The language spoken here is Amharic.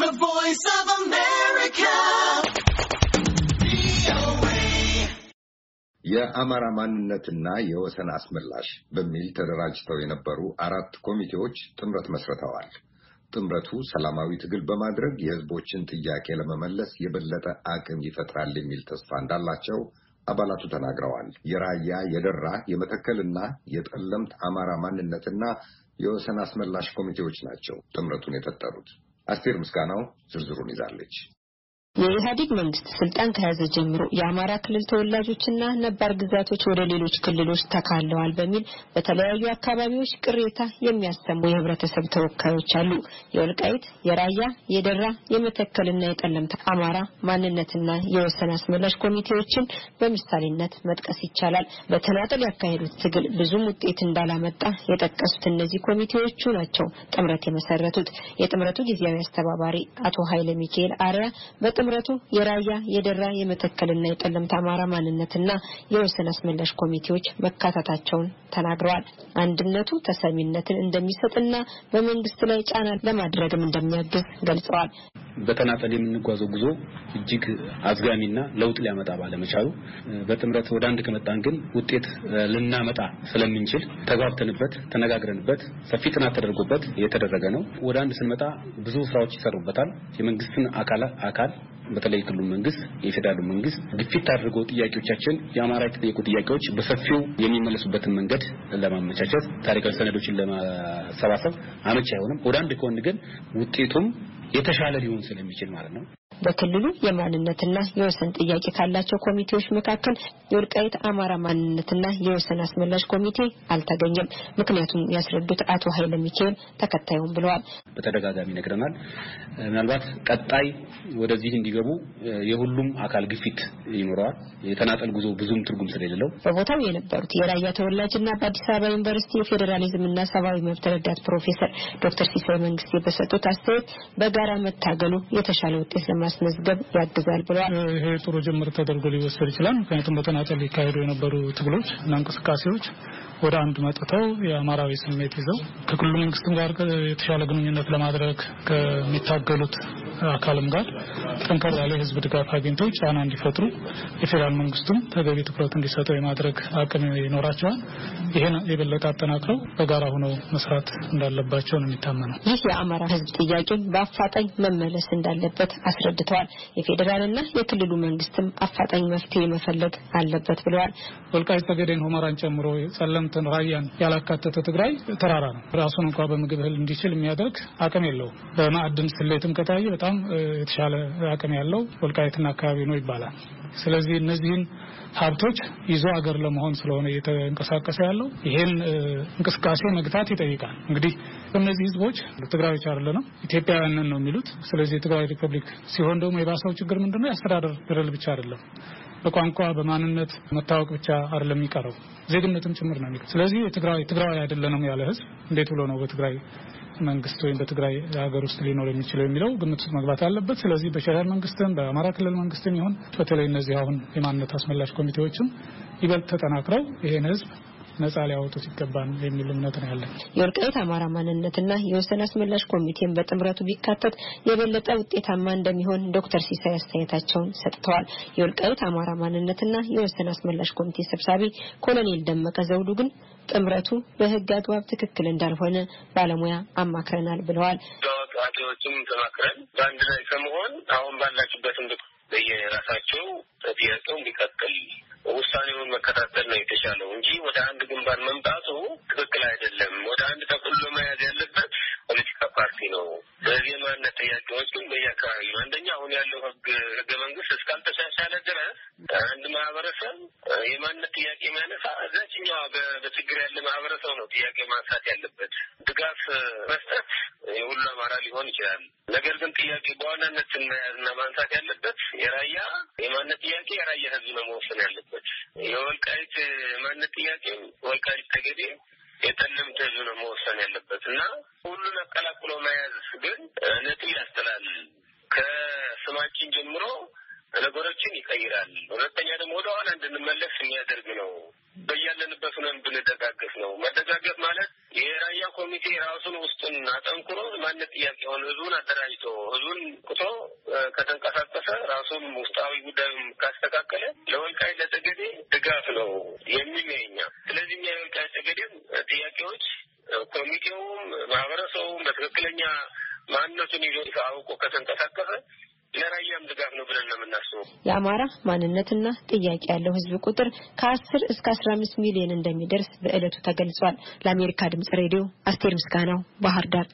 The Voice of America. የአማራ ማንነትና የወሰን አስመላሽ በሚል ተደራጅተው የነበሩ አራት ኮሚቴዎች ጥምረት መስርተዋል። ጥምረቱ ሰላማዊ ትግል በማድረግ የሕዝቦችን ጥያቄ ለመመለስ የበለጠ አቅም ይፈጥራል የሚል ተስፋ እንዳላቸው አባላቱ ተናግረዋል። የራያ የደራ የመተከልና የጠለምት አማራ ማንነትና የወሰን አስመላሽ ኮሚቴዎች ናቸው ጥምረቱን የፈጠሩት። አስቴር ምስጋናው ዝርዝሩን ይዛለች። የኢህአዴግ መንግስት ስልጣን ከያዘ ጀምሮ የአማራ ክልል ተወላጆችና ነባር ግዛቶች ወደ ሌሎች ክልሎች ተካለዋል በሚል በተለያዩ አካባቢዎች ቅሬታ የሚያሰሙ የህብረተሰብ ተወካዮች አሉ። የወልቃይት፣ የራያ፣ የደራ፣ የመተከልና የጠለምት አማራ ማንነትና የወሰን አስመላሽ ኮሚቴዎችን በምሳሌነት መጥቀስ ይቻላል። በተናጠል ያካሄዱት ትግል ብዙም ውጤት እንዳላመጣ የጠቀሱት እነዚህ ኮሚቴዎቹ ናቸው ጥምረት የመሰረቱት። የጥምረቱ ጊዜያዊ አስተባባሪ አቶ ኃይለ ሚካኤል አሪያ ጥምረቱ የራያ የደራ የመተከልና የጠለምት አማራ ማንነትና የወሰን አስመላሽ ኮሚቴዎች መካተታቸውን ተናግረዋል። አንድነቱ ተሰሚነትን እንደሚሰጥና በመንግስት ላይ ጫና ለማድረግም እንደሚያግዝ ገልጸዋል። በተናጠል የምንጓዘው ጉዞ እጅግ አዝጋሚና ለውጥ ሊያመጣ ባለመቻሉ በጥምረት ወደ አንድ ከመጣን ግን ውጤት ልናመጣ ስለምንችል ተግባብተንበት ተነጋግረንበት ሰፊ ጥናት ተደርጎበት የተደረገ ነው። ወደ አንድ ስንመጣ ብዙ ስራዎች ይሰሩበታል። የመንግስትን አካል አካል በተለይ ክልሉ መንግስት የፌዴራሉ መንግስት ግፊት አድርጎ ጥያቄዎቻችን የአማራ የተጠየቁ ጥያቄዎች በሰፊው የሚመለሱበትን መንገድ ለማመቻቸት ታሪካዊ ሰነዶችን ለማሰባሰብ አመቺ አይሆንም። ወደ አንድ ከሆን ግን ውጤቱም የተሻለ ሊሆን ስለሚችል ማለት ነው። በክልሉ የማንነትና የወሰን ጥያቄ ካላቸው ኮሚቴዎች መካከል የወልቃይት አማራ ማንነትና የወሰን አስመላሽ ኮሚቴ አልተገኘም። ምክንያቱም ያስረዱት አቶ ኃይለ ሚካኤል ተከታዩም ብለዋል። በተደጋጋሚ ነግረናል። ምናልባት ቀጣይ ወደዚህ እንዲገቡ የሁሉም አካል ግፊት ይኖረዋል። የተናጠል ጉዞ ብዙም ትርጉም ስለሌለው በቦታው የነበሩት የራያ ተወላጅና በአዲስ አበባ ዩኒቨርሲቲ የፌዴራሊዝምና ሰብአዊ መብት ረዳት ፕሮፌሰር ዶክተር ሲሳይ መንግስቴ በሰጡት አስተያየት በጋራ መታገሉ የተሻለ ውጤት ለማ ለማስመዝገብ ያግዛል ብለዋል። ይሄ ጥሩ ጅምር ተደርጎ ሊወሰድ ይችላል። ምክንያቱም በተናጠል ሊካሄዱ የነበሩ ትግሎች እና እንቅስቃሴዎች ወደ አንድ መጥተው የአማራዊ ስሜት ይዘው ከክልሉ መንግስትም ጋር የተሻለ ግንኙነት ለማድረግ ከሚታገሉት አካልም ጋር ጠንከር ያለ የህዝብ ድጋፍ አግኝተው ጫና እንዲፈጥሩ የፌዴራል መንግስቱም ተገቢ ትኩረት እንዲሰጠው የማድረግ አቅም ይኖራቸዋል። ይህን የበለጠ አጠናክረው በጋራ ሆነው መስራት እንዳለባቸው ነው የሚታመነው። ይህ የአማራ ህዝብ ጥያቄ በአፋጣኝ መመለስ እንዳለበት አስረድተዋል። የፌዴራልና የክልሉ መንግስትም አፋጣኝ መፍትሄ መፈለግ አለበት ብለዋል። ወልቃይት ጠገዴን፣ ሆመራን ጨምሮ ጸለምትን፣ ራያን ያላካተተ ትግራይ ተራራ ነው። ራሱን እንኳ በምግብ እህል እንዲችል የሚያደርግ አቅም የለውም። በማዕድን ስሌትም ከታየ በጣም በጣም የተሻለ አቅም ያለው ወልቃይትና አካባቢ ነው ይባላል። ስለዚህ እነዚህን ሀብቶች ይዞ አገር ለመሆን ስለሆነ እየተንቀሳቀሰ ያለው ይሄን እንቅስቃሴ መግታት ይጠይቃል። እንግዲህ እነዚህ ህዝቦች ትግራዮች አይደለንም፣ ኢትዮጵያውያንን ነው የሚሉት። ስለዚህ የትግራዊ ሪፐብሊክ ሲሆን ደግሞ የባሰው ችግር ምንድነው? የአስተዳደር ድረል ብቻ አይደለም በቋንቋ በማንነት መታወቅ ብቻ አይደለም የሚቀረው ዜግነትም ጭምር ነው የሚቀረው። ስለዚህ የትግራዊ ትግራዊ አይደለንም ያለ ህዝብ እንዴት ብሎ ነው በትግራይ መንግስት ወይም በትግራይ ሀገር ውስጥ ሊኖር የሚችለው የሚለው ግምት ውስጥ መግባት አለበት። ስለዚህ በፌዴራል መንግስትም በአማራ ክልል መንግስትም ይሁን በተለይ እነዚህ አሁን የማንነት አስመላሽ ኮሚቴዎችም ይበልጥ ተጠናክረው ይሄን ህዝብ ነጻ ሊያወጡት ይገባል የሚል እምነት ነው ያለን። የወልቃይት አማራ ማንነትና የወሰን አስመላሽ ኮሚቴን በጥምረቱ ቢካተት የበለጠ ውጤታማ እንደሚሆን ዶክተር ሲሳይ አስተያየታቸውን ሰጥተዋል። የወልቃይት አማራ ማንነትና የወሰን አስመላሽ ኮሚቴ ሰብሳቢ ኮሎኔል ደመቀ ዘውዱ ግን ጥምረቱ በህግ አግባብ ትክክል እንዳልሆነ ባለሙያ አማክረናል ብለዋል። ፓርቲዎችም ተማክረን በአንድ ላይ ከመሆን አሁን ባላችሁበትም በየራሳቸው ጥያቄው እንዲቀጥል ውሳኔውን መከታተል ነው የተሻለው እንጂ ወደ አንድ ጋር መምጣት ጥያቄዎች ግን በየአካባቢ ነው። አንደኛ አሁን ያለው ህግ ህገ መንግስት እስካልተሻሻለ ድረስ አንድ ማህበረሰብ የማንነት ጥያቄ የሚያነሳ እዛችኛዋ በችግር ያለ ማህበረሰብ ነው ጥያቄ ማንሳት ያለበት። ድጋፍ መስጠት የሁሉ አማራ ሊሆን ይችላል። ነገር ግን ጥያቄ በዋናነት ስናያዝና ማንሳት ያለበት የራያ የማንነት ጥያቄ የራያ ህዝብ ነው መወሰን ያለበት። የወልቃይት ማንነት ጥያቄ ወልቃይት ተገዴ የጠንም ህዝብ ነው መወሰን ያለበት እና ሁሉን አቀላቅሎ መያዝ ግን ነጥብ ያስጥላል። ከስማችን ጀምሮ ነገሮችን ይቀይራል። ሁለተኛ ደግሞ ወደኋላ እንድንመለስ የሚያደርግ ነው። በያለንበት ሆነን ብንደጋገፍ ነው። መደጋገፍ ማለት የራያ ኮሚቴ ራሱን ውስጡን አጠንክሮ ማነት ጥያቄ ሆን ህዝቡን አደራጅቶ ህዝቡን ቁቶ ከተንቀሳቀሰ ራሱን ውስጣዊ ጉዳዩም ካስተካከለ ለወልቃይ የጫጨ ገዴብ ጥያቄዎች ኮሚቴውም ማህበረሰቡም በትክክለኛ ማንነቱን ይዞ አውቆ ከተንቀሳቀሰ ለራያም ድጋፍ ነው ብለን ነው የምናስበው። የአማራ ማንነትና ጥያቄ ያለው ህዝብ ቁጥር ከአስር እስከ አስራ አምስት ሚሊዮን እንደሚደርስ በዕለቱ ተገልጿል። ለአሜሪካ ድምጽ ሬዲዮ አስቴር ምስጋናው ባህር ዳር